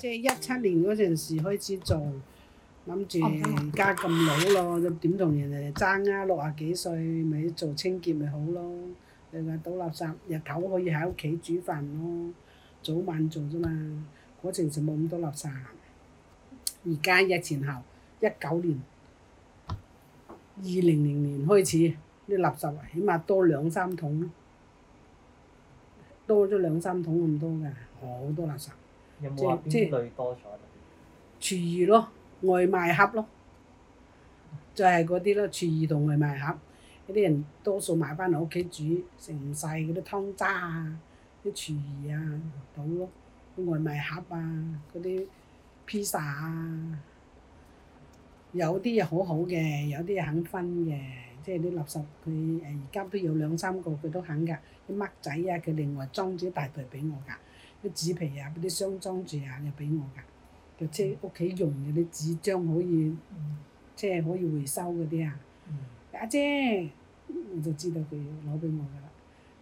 即係一七年嗰陣時開始做，諗住而家咁老咯，又點同人哋爭啊？六啊幾歲，咪做清潔咪好咯。你話倒垃圾，日頭可以喺屋企煮飯咯，早晚做啫嘛。嗰陣時冇咁多垃圾，而家日前後一九年二零零年開始，啲垃圾起碼多兩三桶，多咗兩三桶咁多㗎，好多垃圾。有冇話邊類多咗啲？廚餘咯，外賣盒咯，就係嗰啲咯，廚餘同外賣盒。嗰啲人多數買翻嚟屋企煮，食唔晒嗰啲湯渣啊，啲廚餘啊，倒咯。外賣盒啊，嗰啲披薩啊，有啲又好好嘅，有啲又肯分嘅。即係啲垃圾，佢誒而家都有兩三個，佢都肯㗎。啲麥仔啊，佢另外裝咗一大袋俾我㗎。啲紙皮啊，嗰啲箱裝住啊，又俾我噶。即係屋企用嘅啲紙張可以，嗯、即係可以回收嗰啲啊。家、嗯、姐，我就知道佢攞俾我噶啦。